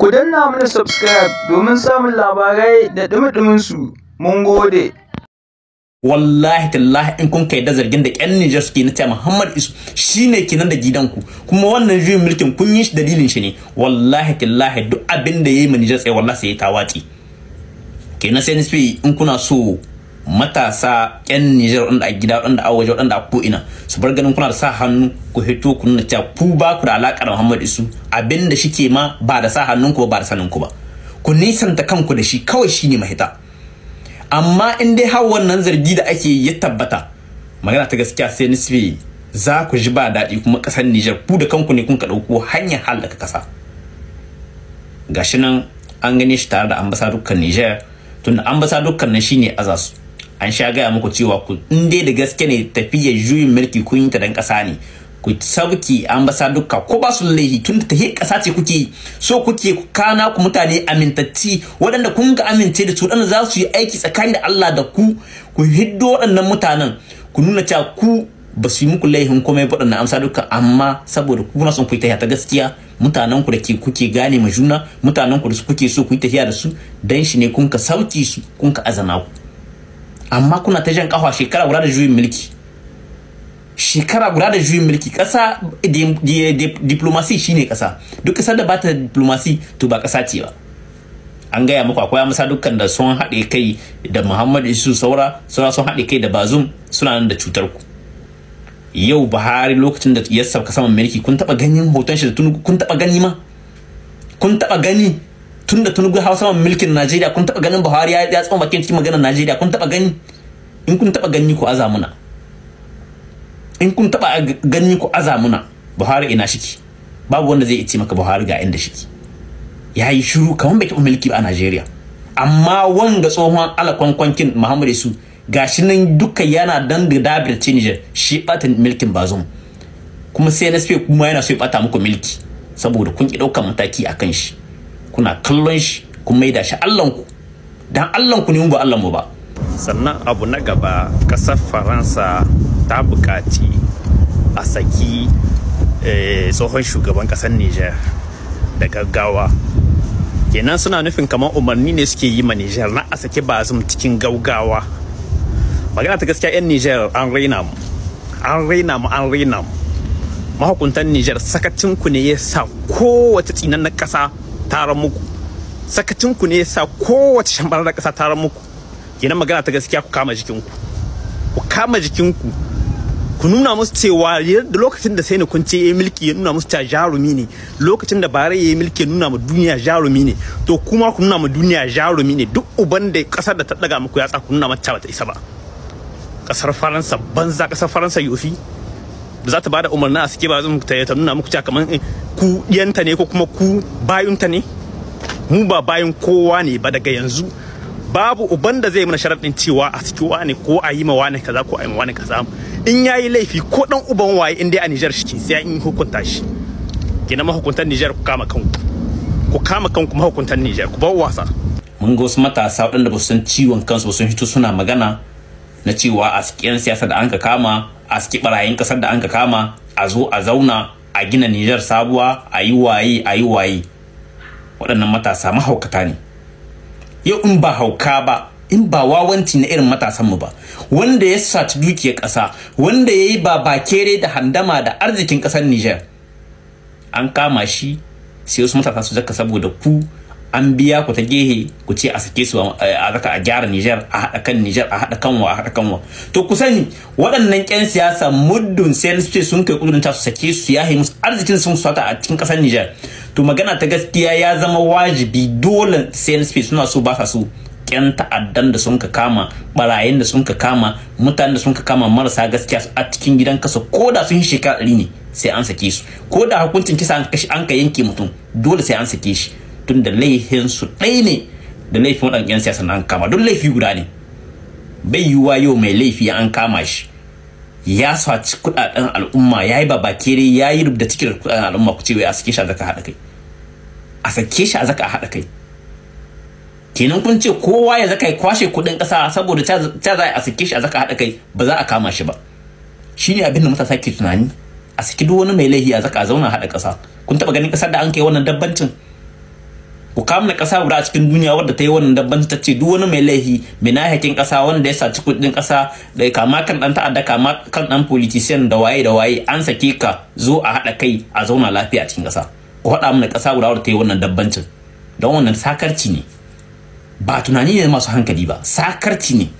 Ku danna mana subscribe domin samun labarai da dumi-duminsu. Mun gode. wallahi tallahi in kun kai da zargin da ƴan Niger suke na ta Muhammad Isu shine kenan da gidan ku kuma wannan juyin mulkin kun yi shi dalilin shi ne wallahi tallahi duk abin da yayi mu Niger sai wallahi sai ya tawaci kenan sai in kuna so matasa yan Nijar wanda a gida wanda a waje wanda a ko'ina su bar ganin kuna da sa hannu ku hito ku nuna cewa ku ba ku da alaƙa da Muhammad Isu abinda ke ma ba da sa hannun ku ba da sanin ku ba ku nisanta kanku da shi kawai shine mahita amma in dai har wannan zargi da ake ya tabbata magana ta gaskiya sai nisbi za ku ji ba daɗi kuma ƙasar Nijar ku da kanku ne kun ka ɗauko hanyar hallaka ƙasa gashi nan an gane shi tare da ambasadukan Nijar tunda ambasadukan nan shine azasu an sha gaya muku cewa ku in dai da gaske ne tafiyar juyin mulki kun yi ta dan kasa ne ku sabki duka, ko ba su laihi tun ta he ƙasa ce kuke so kuke kana ku mutane amintacci waɗanda kun ga amince da su waɗanda za su yi aiki tsakani da Allah da ku ku hiddo waɗannan mutanen ku nuna cewa ku ba su yi muku laihin komai waɗannan amsa duka amma saboda ku kuna son ku yi ta gaskiya mutanen ku da ke kuke gane ma juna mutanen ku da kuke so ku yi tahiya da su dan shi ne kun ka sauki su kun ka azama ku amma kuna ta jan kafa shekara guda da juyin mulki shekara guda da juyin mulki ƙasa diplomasi shine kasa duk ƙasar da bata diplomasi to ba kasa ce ba an gaya muku akwai amsa dukkan da sun haɗe kai da muhammad isu saura suna sun haɗe kai da bazum suna nan da cutar ku yau buhari lokacin da ya sauka saman mulki kun taɓa ganin hoton shi da kun taɓa gani ma kun taɓa gani tun da tunugu hausa mulkin najeriya kun taba ganin buhari ya tsoma bakin cikin maganar najeriya kun taba gani in kun taba gani ku azamuna in kun taba gani ku azamuna buhari ina shiki babu wanda zai ce maka buhari ga inda shiki ya yi shiru kamar bai taɓa mulki a najeriya amma wanga tsohon alakwankwankin muhammadu su gashi nan duka yana dan da dabir Niger shi bata milkin bazum kuma sai na NSP kuma yana so ya bata muku milki saboda kun ki ɗaukan mataki a kan shi kuna kallon shi kun maida shi Allahnku dan Allahnku ne ba Allahnmu ba sannan abu na gaba kasar faransa ta bukaci a saki eh, tsohon shugaban ƙasar niger da gaggawa kenan suna nufin kamar umarni ne suke yi ma niger na a saki bazum cikin gaugawa magana ta gaskiya 'yan niger an raina mu an raina mu an raina mu mahukuntan niger sakacinku ne ya sa kowace tsinan na ƙasa tara muku sakatinku ne yasa kowace shambarar da ƙasa tara muku kenan magana ta gaskiya ku kama jikinku ku kama jikinku ku nuna musu cewa da lokacin da sai ne kun ce yayi milki ya nuna musu cewa jarumi ne lokacin da bare yayi mulki ya nuna ma duniya jarumi ne to kuma ku nuna ma duniya jarumi ne duk uban da kasar da ta daga muku yatsa ku nuna mata ta isa ba kasar faransa banza kasar faransa yofi za ta bada umarni a suke ba zan ta ta nuna muku cewa kamar eh, ku yanta ne ko kuma ku bayunta ne mu ba bayin kowa ne ba daga yanzu babu uban da zai mana sharaɗin cewa a saki wane ko a yi ma wane kaza ko a yi ma wane kaza in yayi laifi ko dan uban waye in dai a Niger shi sai in hukunta shi kenan mahukuntar Niger ku kama kanku ku kama kanku mahukuntan Niger ku ba wasa mun ga wasu matasa waɗanda ba su san ciwon kansu ba sun fito suna magana na cewa a cikin siyasa da an ka kama a saki barayin kasar da an ka kama a zo a zauna a gina Nijar sabuwa a yi waye a yi waye waɗannan matasa mahaukata ne yau in ba hauka ba in ba wawanci na irin matasan mu ba wanda ya saci dukiyar ƙasa wanda ya yi babakere da handama da arzikin ƙasar Nijar an kama shi sai wasu matasa su zaka saboda ku an biya ku ta gehe ku ce a sake su a raka a gyara Nijar a haɗa kan Nijar a haɗa kanwa a haɗa kanwa to ku sani waɗannan ƙyan siyasa muddin sai su sun kai kudurin ta su sake su ya musu arzikin sun sata a cikin ƙasar Nijar to magana ta gaskiya ya zama wajibi dole sai suna so ba sa so ta'addan da sun ka kama barayin da sun ka kama mutanen da sun ka kama marasa gaskiya a cikin gidan kasa ko da sun shekara ɗari ne sai an sake su ko da hukuncin kisa an ka yanke mutum dole sai an sake shi tunda laifin su ɗaya ne da laifin waɗanda yan siyasa an kama don laifi guda ne bai yiwuwa yau mai laifi an kama shi ya saci kuɗaɗen al'umma ya yi babakere ya yi rubuta cikin kuɗaɗen al'umma ku ce a sake shi a zaka haɗa kai a sake shi a zaka haɗa kai kenan kun ce kowa ya zaka kwashe kuɗin ƙasa saboda ta za a sake shi a zaka haɗa kai ba za a kama shi ba ne abin da matasa ke tunani a saki duk wani mai laifi a zaka zauna haɗa ƙasa kun taɓa ganin ƙasar da an kai wannan dabbancin ku kamna ƙasa guda a cikin duniya wadda ta yi wannan dabban ta ce duk wani mai laihi mai nahakin ƙasa wanda ya saci kuɗin ƙasa da kama kan ɗan ta'adda kama kan ɗan politician da waye da waye an sake ka zo a haɗa kai a zauna lafiya a cikin ƙasa ku haɗa mana ƙasa guda wadda ta yi wannan dabbancin don wannan sakarci ne ba tunani ne masu hankali ba sakarci ne